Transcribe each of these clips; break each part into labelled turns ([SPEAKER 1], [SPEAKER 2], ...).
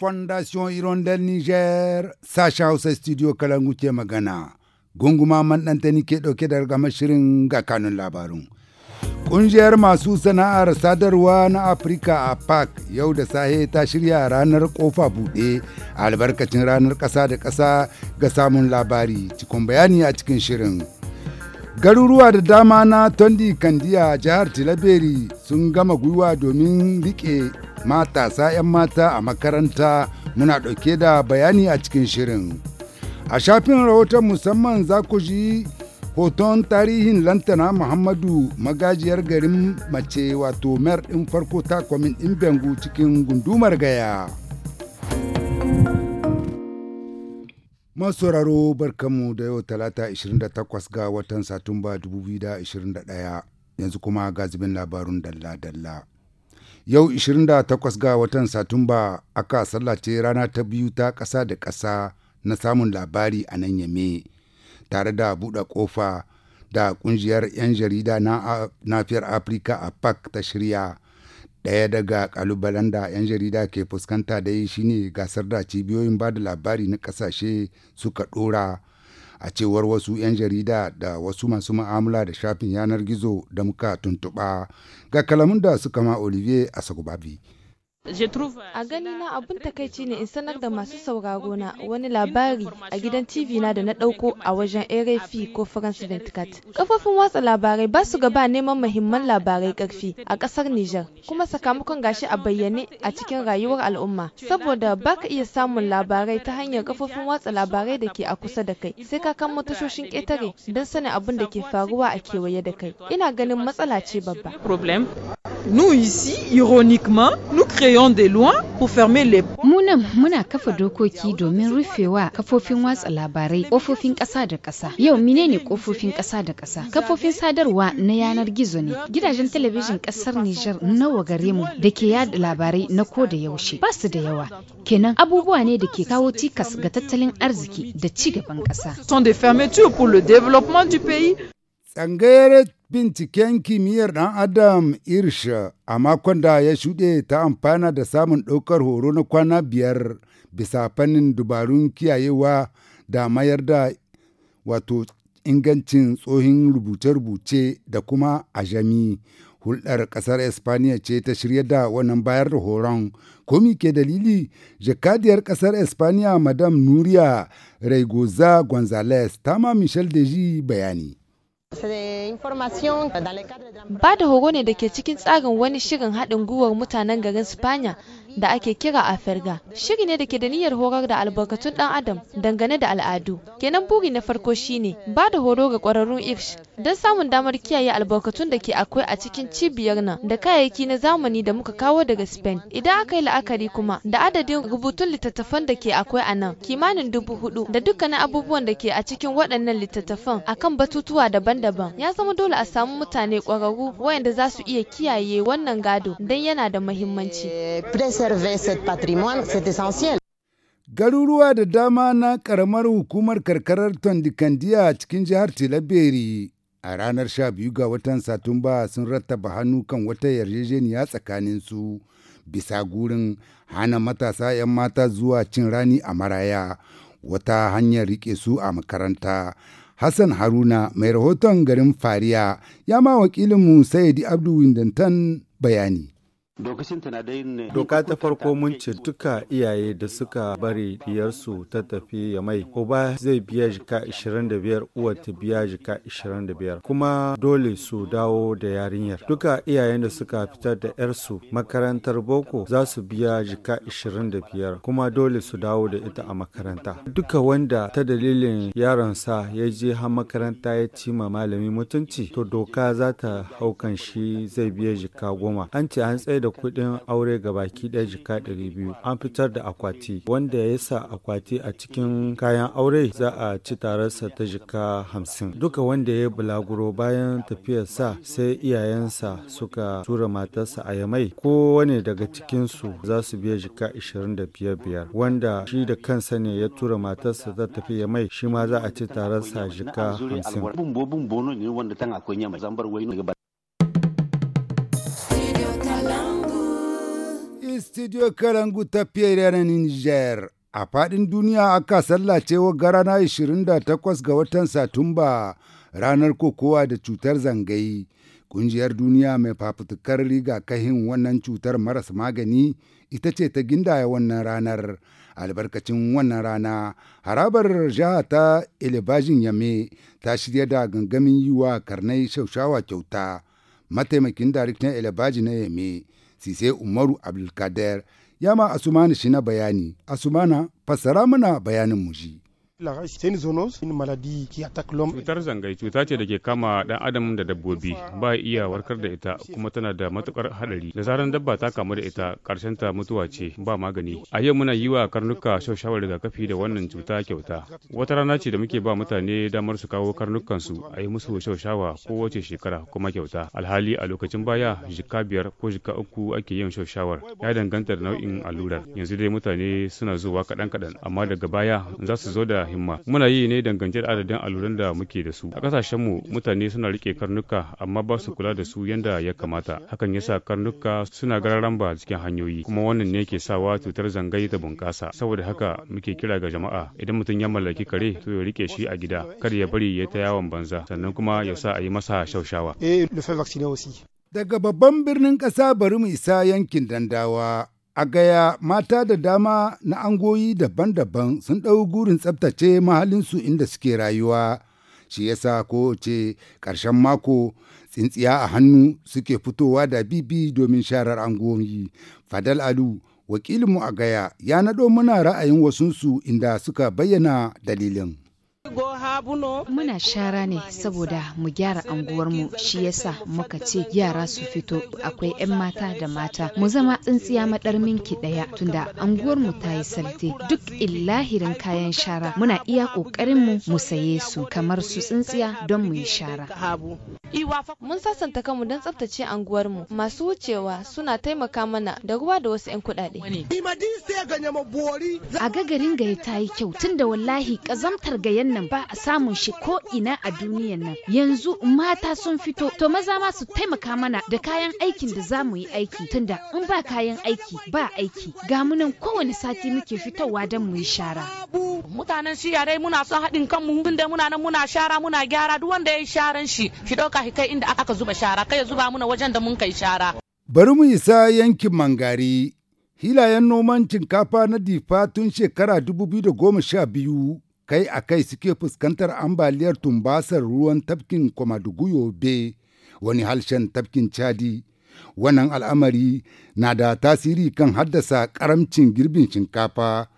[SPEAKER 1] fondation hirondel niger sacha hausa studio kalangu ke magana gunguma man tani ke ɗauke da gama shirin ga kanun labarun ƙungiyar masu sana'ar sadarwa na afirka a park yau da sahe ta shirya ranar kofa buɗe albarkacin ranar ƙasa da ƙasa ga samun labari cikin bayani a cikin shirin garuruwa da dama na tondi kandiya jihar tilaberi sun gama gwiwa domin rike matasa 'yan mata a makaranta muna ɗauke da bayani a cikin shirin a shafin rahoton musamman za ku ji hoton tarihin lantana muhammadu magajiyar garin mace wato mayar ɗin farko ta kwamin ɗin bengu cikin gundumar gaya masauraro barkanmu da yau talata 28 ga watan satumba 2021 yanzu kuma gazibin labarun dalla-dalla yau 28 ga watan satumba aka sallace rana ta biyu ta ƙasa da ƙasa na samun labari a nan yame tare da buɗe ƙofa da ƙungiyar 'yan jarida na nafiyar afirka a pak ta shirya daya daga kalubalen da 'yan jarida ke fuskanta dai shine gasar da cibiyoyin ba da labari na kasashe suka dora a cewar wasu 'yan jarida da wasu masu ma'amala da shafin yanar gizo da muka tuntuɓa ga kalamun da suka ma olivier asogbabi.
[SPEAKER 2] Euh, a gani na abun takaici ne in sanar da masu sauraro na wani labari a gidan TV na da na ɗauko a wajen RFI ko France 24. Kafofin watsa labarai ba su gaba neman muhimman labarai ƙarfi a ƙasar Nijar, kuma sakamakon gashi a bayyane a cikin rayuwar al'umma. Saboda ba ka iya samun labarai ta hanyar kafofin watsa labarai da ke a kusa da kai, sai ka kan matashoshin ƙetare don sanin abin da ke faruwa a kewaye da kai. Ina ganin matsala ce babba. Nous ici, ironiquement, nous créons des lois pour fermer les Munan muna kafa dokoki domin rufewa kafofin watsa labarai kofofin ƙasa da ƙasa. Yau menene kofofin ƙasa da ƙasa? Kafofin sadarwa na yanar gizo ne. Gidajen talabijin ƙasar Nijar nawa gare mu da ke yada labarai na ko da yaushe. Ba su da yawa. Kenan abubuwa ne da ke kawo cikas ga tattalin arziki da ci gaban ƙasa.
[SPEAKER 3] Sont des fermetures pour le développement
[SPEAKER 2] du pays.
[SPEAKER 1] binciken kimiyyar ɗan Adam irsha a makon da ya shuɗe ta amfana da samun ɗaukar horo na kwana biyar bisa fannin dubarun kiyayewa da mayar da wato ingancin tsohin rubuce-rubuce da kuma ajami. hulɗar ƙasar espaniya ce ta shirya da wannan bayar da horon komi ke dalili jakadiyar ƙasar espaniya madam nuria raigoza gonzales ta ma michel deji bayani
[SPEAKER 2] Bad Hogo horo ne da ke cikin tsarin wani shirin haɗin gwiwar mutanen garin Spanya da ake kira a Aferga. Shiri ne da ke da niyyar horar da albarkatun ɗan adam dangane da al'adu. Kenan buri na farko shine ba da horo ga ƙwararrun Irsh Don samun damar kiyaye albarkatun da ke akwai a cikin cibiyar nan da kayayyaki na zamani da muka kawo daga Spain. Idan aka yi la'akari kuma da adadin rubutun littattafan da ke akwai a nan kimanin dubu hudu da dukkanin abubuwan da ke a cikin waɗannan littattafan akan batutuwa daban-daban ya zama dole a samu mutane ƙwararru waɗanda za su iya kiyaye wannan gado don yana da muhimmanci.
[SPEAKER 1] Garuruwa da dama na ƙaramar hukumar karkarar Tondikandiya cikin jihar Tilaberi a ranar sha biyu ga watan satumba sun rattaba hannu kan wata yarjejeniya tsakanin su bisa gurin hana matasa 'yan mata zuwa cin rani a maraya wata hanyar rike su a makaranta hassan haruna mai rahoton garin fariya ya ma wakilinmu sayidi abdu bayani
[SPEAKER 4] Doka ta farko mun ce duka iyaye da suka bari biyarsu ta tafi ya mai, uba zai biya jika 25 uwa ta biya jika 25 kuma dole su dawo da yarinyar. Duka iyayen da suka fitar da yarsu makarantar boko za su biya jika 25 kuma dole su dawo da ita a makaranta. Duka wanda ta dalilin yaronsa ya je har makaranta ya ci ma malami mutunci to doka za ta haukan shi zai biya jika goma. An ce an tsaye da kuɗin aure ga baki ɗaya jika ɗari biyu. An fitar da akwati wanda ya sa akwati a cikin kayan aure za a ci tararsa ta jika hamsin. Duka wanda ya bulaguro bayan tafiyarsa sai iyayensa suka tura matarsa a yamai kowane daga cikinsu za su biya jika ashirin da biyar biyar wanda shi da kansa ne ya tura matarsa ta tafi yamai shi ma za a ci tararsa jika hamsin.
[SPEAKER 1] wani Studio Kalangu ta Fiyar Niger. A faɗin duniya aka sallace wa na 28 ga watan Satumba ranar kokowa da cutar zangai. Ƙungiyar duniya mai fafutukar rigakahin wannan cutar maras magani ita ce ta gindaya wannan ranar. Albarkacin wannan rana, harabar jiha ta Elebajin Yame ta shirya da gangamin yiwa karnai shaushawa kyauta. Mataimakin na Elebaji na Yame Sise Umaru Abdulkader ya ma Asumani shi na bayani, Asumana fassara mana bayanin mu ji.
[SPEAKER 3] Cutar zangai cuta ce da ke kama dan adam da dabbobi ba iya warkar da ita kuma tana da matukar hadari. Da zaran dabba ta kamu da ita karshen ta mutuwa ce ba magani. A yau muna yi wa karnuka daga rigakafi da wannan cuta kyauta. Wata rana ce da muke ba mutane damar su kawo karnukansu a yi musu shaushawa kowace shekara kuma kyauta. Alhali a lokacin baya jika biyar ko jika uku ake yin shaushawar ya danganta da nau'in allurar. Yanzu dai mutane suna zuwa kaɗan-kaɗan amma daga baya za su zo da himma muna yi ne dangance da adadin alluran da muke da su a kasashen mu mutane suna rike karnuka amma ba su kula da su yanda ya kamata hakan yasa karnuka suna gararan ba cikin hanyoyi kuma wannan ne ke sawa cutar zangayi ta bunƙasa saboda haka muke kira ga jama'a idan mutum ya mallaki kare to ya rike shi a gida kar ya bari ya ta yawon banza sannan kuma ya sa a yi masa shaushawa
[SPEAKER 1] eh, daga babban birnin ƙasa bari mu isa yankin dandawa A gaya mata da dama na angoyi daban-daban sun ɗau gurin tsabtace mahalinsu inda suke rayuwa, shi yasa ko ce ƙarshen mako tsintsiya a hannu suke fitowa da bibi domin sharar angoyi. Fadal Alu, wakilinmu a gaya ya naɗo muna ra'ayin wasunsu inda suka bayyana dalilin.
[SPEAKER 2] Muna shara ne saboda mu gyara anguwarmu shi yasa muka ce yara su fito akwai 'yan mata da mata mu zama tsintsiya madar minki daya tunda anguwarmu ta yi salte duk illahirin kayan shara muna iya ƙoƙarinmu mu saye su kamar su tsintsiya don mu yi shara. Mun sasanta kanmu don tsaftace anguwarmu. Masu wucewa suna taimaka mana da ruwa da wasu 'yan kuɗaɗe. A gagarin gaya ta yi kyau tunda wallahi ƙazamtar gayan nan ba a samun shi ko ina a duniyan nan. Yanzu mata sun fito to maza ma su taimaka mana da kayan aikin da za mu yi aiki tunda in ba kayan aiki ba aiki. Ga mu nan kowane sati muke fitowa don mu yi shara. mu mutanen shiya dai muna son haɗin kanmu tun da muna nan muna shara muna gyara duk wanda ya yi sharan shi shi ɗauka shi kai inda aka zuba shara kai ya zuba muna wajen da mun kai shara.
[SPEAKER 1] Bari mu isa yankin Mangari hilayen noman shinkafa na difa tun shekara da 2012 kai a kai suke fuskantar ambaliyar tumbasar ruwan tafkin kwamadugu yobe wani halshen tafkin chadi wannan al'amari na da tasiri kan haddasa karamcin girbin shinkafa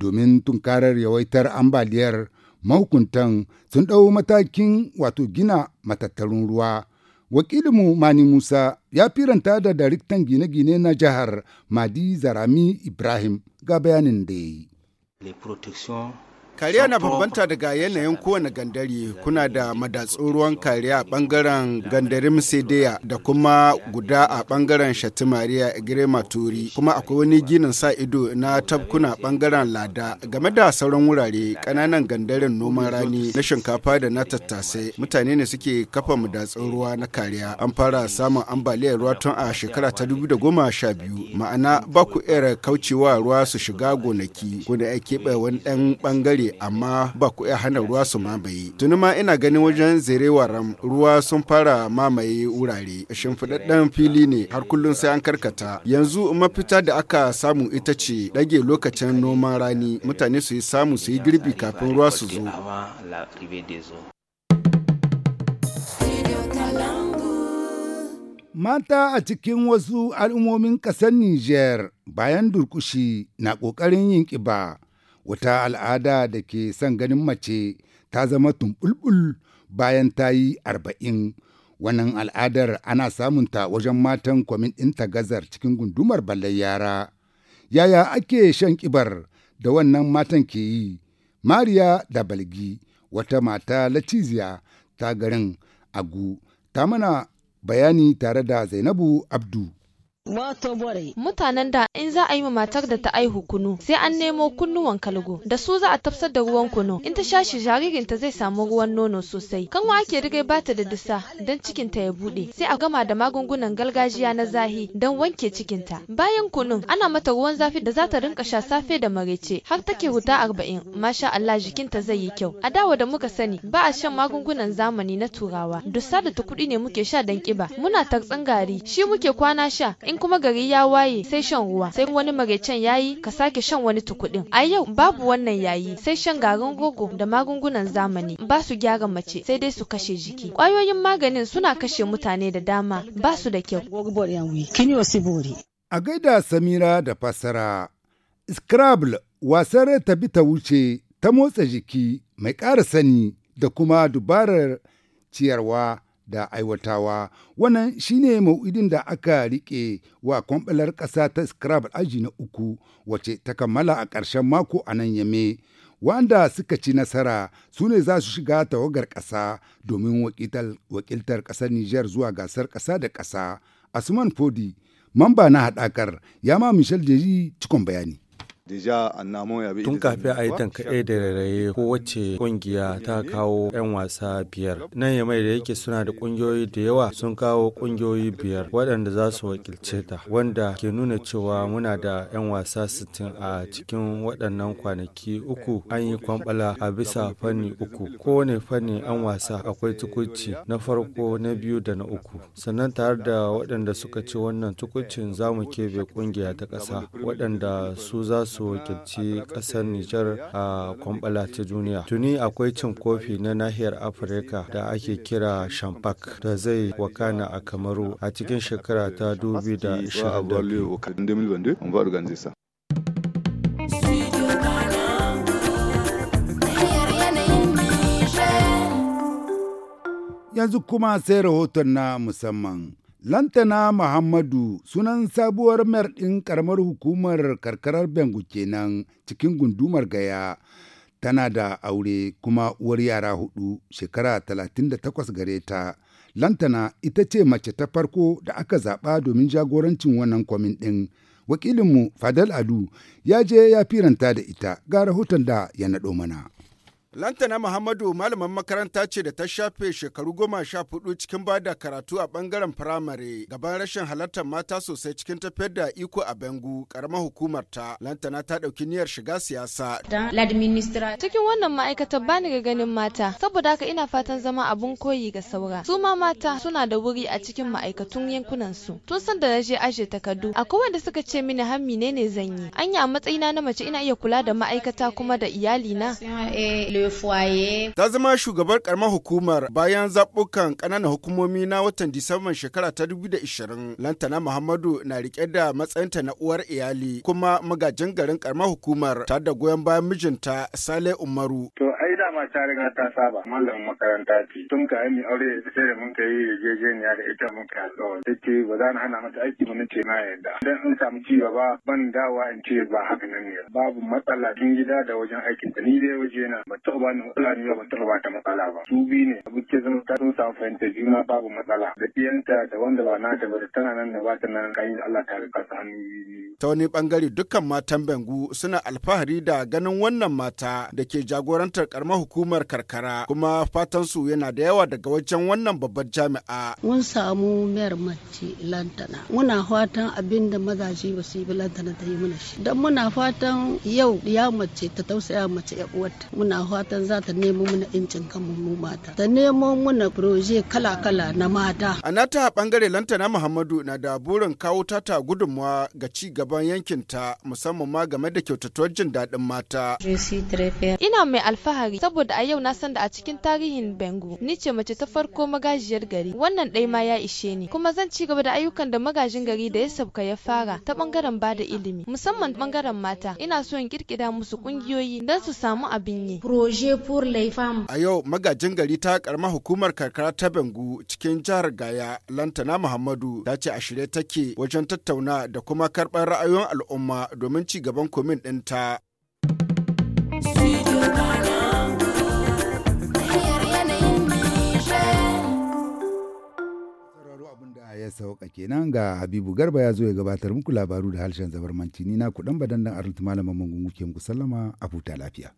[SPEAKER 1] domin tunkarar yawaitar ambaliyar mahukuntan sun ɗau matakin wato gina matattarun ruwa wakilinmu mani musa ya firanta da daraktan gine-gine na jihar madi zarami ibrahim ga bayanin da ya
[SPEAKER 4] yi
[SPEAKER 5] Kariya na bambanta daga yanayin kowane gandari kuna da madatsun ruwan kariya a bangaren gandarin Sedeya da kuma guda a bangaren Shatimariya Girematuri kuma akwai wani ginin sa ido na tabkuna bangaren Lada game da sauran wurare kananan gandarin noman rani na shinkafa da na tattasai mutane ne suke kafa madatsun ruwa na kariya an fara samun ambaliyar ruwa tun a shekara ta dubu da goma sha biyu ma'ana ba ku kaucewa ruwa su shiga gonaki kuna ya keɓe wani ɗan bangare amma ba ku iya hana ruwa su mamaye. Tuni ma ina ganin wajen zerewaram ruwa sun fara mamaye wurare. Shimfiɗaɗɗen fili ne har kullum sai an karkata. Yanzu mafita da aka samu ita ce ɗage lokacin noman rani mutane su yi samu su yi girbi kafin ruwa su zo.
[SPEAKER 1] Mata a cikin wasu al'ummomin ƙasar Nijar bayan durkushi na ƙoƙarin yin ƙiba wata al'ada da ke son ganin mace ta zama tumbulbul bayan ta yi arba'in wannan al'adar ana samunta wajen matan kwamin ɗin gazar cikin gundumar ballar yara yaya ake shan ƙibar da wannan matan ke yi mariya da balgi wata mata latiziya ta garin agu ta mana bayani tare da zainabu abdu
[SPEAKER 2] Mutanen da in za a yi ma matar da ta aihu kunu sai an nemo kunnuwan kalgo da su za a tafsar da ruwan kunu in ta shashi jaririnta zai samu ruwan nono sosai kanwa ake rigai bata da dusa don cikinta ya bude sai a gama da magungunan gargajiya na zahi don wanke cikinta bayan kunun ana mata ruwan zafi da za ta rinka sha safe da marece har take huta arba'in masha Allah jikinta zai yi kyau a dawo da muka sani ba a shan magungunan zamani na turawa dusa da ta kuɗi ne muke sha don kiba muna tartsan gari shi muke kwana sha in kuma gari ya waye sai shan ruwa sai wani maraicen yayi ka sake shan wani tukudin a yau babu wannan yayi sai shan garin gogo da magungunan zamani ba su gyara mace sai dai su kashe jiki ƙwayoyin maganin suna kashe mutane da dama ba su da kyau
[SPEAKER 1] a gaida samira da fasara scrabble wasar bi ta wuce ta motsa jiki mai ƙara sani da kuma dubarar ciyarwa da aiwatawa wannan shine mau'idin da aka rike wa kwamɓalar ƙasa ta scrabble aji na uku wace ta kammala a ƙarshen mako a nan yame wanda suka ci nasara su ne za su shiga tawagar ƙasa domin wakiltar ƙasar niger zuwa gasar ƙasa da ƙasa asuman fodi mamba na haɗakar ya ma michel jeji cikon bayani Tun
[SPEAKER 4] kafin a yi tankaɗe da rairaye kowace ƙungiya ta kawo 'yan wasa biyar. Nan ya mai da yake suna da ƙungiyoyi da yawa sun kawo ƙungiyoyi biyar waɗanda za su wakilce ta wanda ke nuna cewa muna da 'yan wasa sittin a cikin waɗannan kwanaki uku an yi kwambala a bisa fanni uku. Kowane fanni yan wasa akwai tukunci na farko na biyu da na uku. Sannan tare da waɗanda suka ci wannan tukuncin za mu keɓe ƙungiya ta ƙasa waɗanda su za su su wakilci kasar Nijar a kwambala ta duniya. Tuni akwai cin kofi na nahiyar Afirka da ake kira Shampak da zai wakana a Kamaru a cikin shekara ta dubi da
[SPEAKER 1] yanzu kuma sai rahoton na musamman Lantana Muhammadu sunan sabuwar mayar ɗin karamar hukumar karkarar Bengu kenan cikin gundumar gaya. Tana da aure kuma uwar yara hudu shekara 38 gare ta. Lantana ita ce mace ta farko da aka zaɓa domin jagorancin wannan kwamin ɗin. Wakilinmu Fadal Alu ya je ya firanta da ita ga rahoton da ya naɗo mana.
[SPEAKER 5] Lantana Muhammadu malaman makaranta ce da ta shafe shekaru goma sha hudu cikin ba da karatu a bangaren firamare gaban rashin halartar mata sosai cikin tafiyar da iko a Bengu karamar hukumar ta. Lantana ta dauki niyyar shiga siyasa.
[SPEAKER 2] Cikin wannan ma'aikatar bani ga ganin mata saboda haka ina fatan zama abun koyi ga saura. Su ma mata suna da wuri a cikin ma'aikatun yankunan su. Tun san da na je aje takardu akwai wanda suka ce mini hammi ne ne zan yi. Anya a matsayina na mace ina iya kula da ma'aikata kuma da iyalina. Eh,
[SPEAKER 5] Ta zama shugabar karamar hukumar bayan zaɓukan ƙananan hukumomi na watan Disamban shekara ta 2020. Lantana Muhammadu na riƙe da matsayinta na uwar iyali kuma magajin garin karamar hukumar ta da goyon bayan mijinta Sale Umaru.
[SPEAKER 4] To ma ta riga ta saba mallamin makaranta ce tun ka yi aure sai da mun kai yarjejeniya da ita mun kai alƙawari sai ce ba za na hana mata aiki ba
[SPEAKER 5] ce na yarda dan in samu ci gaba ban dawa in ce ba haka nan ne babu matsala tun gida da wajen aikin ta ni dai waje na ba taɓa bani matsala ni ba ba ta matsala ba su biyu ne abu ke zama ta sun samu fahimta juna babu matsala da ɗiyanta da wanda ba nata ba da tana nan da ba ta nan kayan Allah ta rika ta hannu ta wani bangare dukkan matan Bengu suna alfahari da ganin wannan mata da ke jagorantar karamar karamar hukumar karkara kuma fatan su yana da yawa daga wajen wannan babbar jami'a.
[SPEAKER 4] Mun samu mayar mace lantana. Muna fatan abin da mazaje ba su yi lantana ta yi mana shi. Don muna fatan yau ya mace ta tausaya mace ya uwarta. Muna fatan za ta nemo mana incin kanmu mu mata. Ta nemo mana proje kala-kala na mata.
[SPEAKER 5] A nata bangare lantana Muhammadu na da burin kawo tata gudunmawa ga ci gaban yankinta musamman ma game da kyautatuwar jin daɗin mata.
[SPEAKER 2] Ina mai alfahari saboda a yau na san da a cikin tarihin Bengu ni ce mace ta farko magajiyar gari wannan ɗai ma ya ishe ni kuma zan ci gaba da ayyukan da magajin gari da ya sabka ya fara ta bangaren da ilimi musamman bangaren mata ina so in kirkira musu ƙungiyoyi don su samu abin yi. Projet pour les femmes.
[SPEAKER 5] A yau magajin gari ta karma hukumar karkara ta Bengu cikin jihar Gaya Lantana Muhammadu ta ce a shirye take wajen tattauna da kuma karɓar ra'ayoyin al'umma domin ci gaban komin ɗinta.
[SPEAKER 2] Studio
[SPEAKER 1] ya sauka kenan ga Habibu Garba ya zo ya gabatar muku labaru da harshen zabarmanci ni na ku badan dan Arlit Malamin Mangungu ke muku sallama a futa lafiya.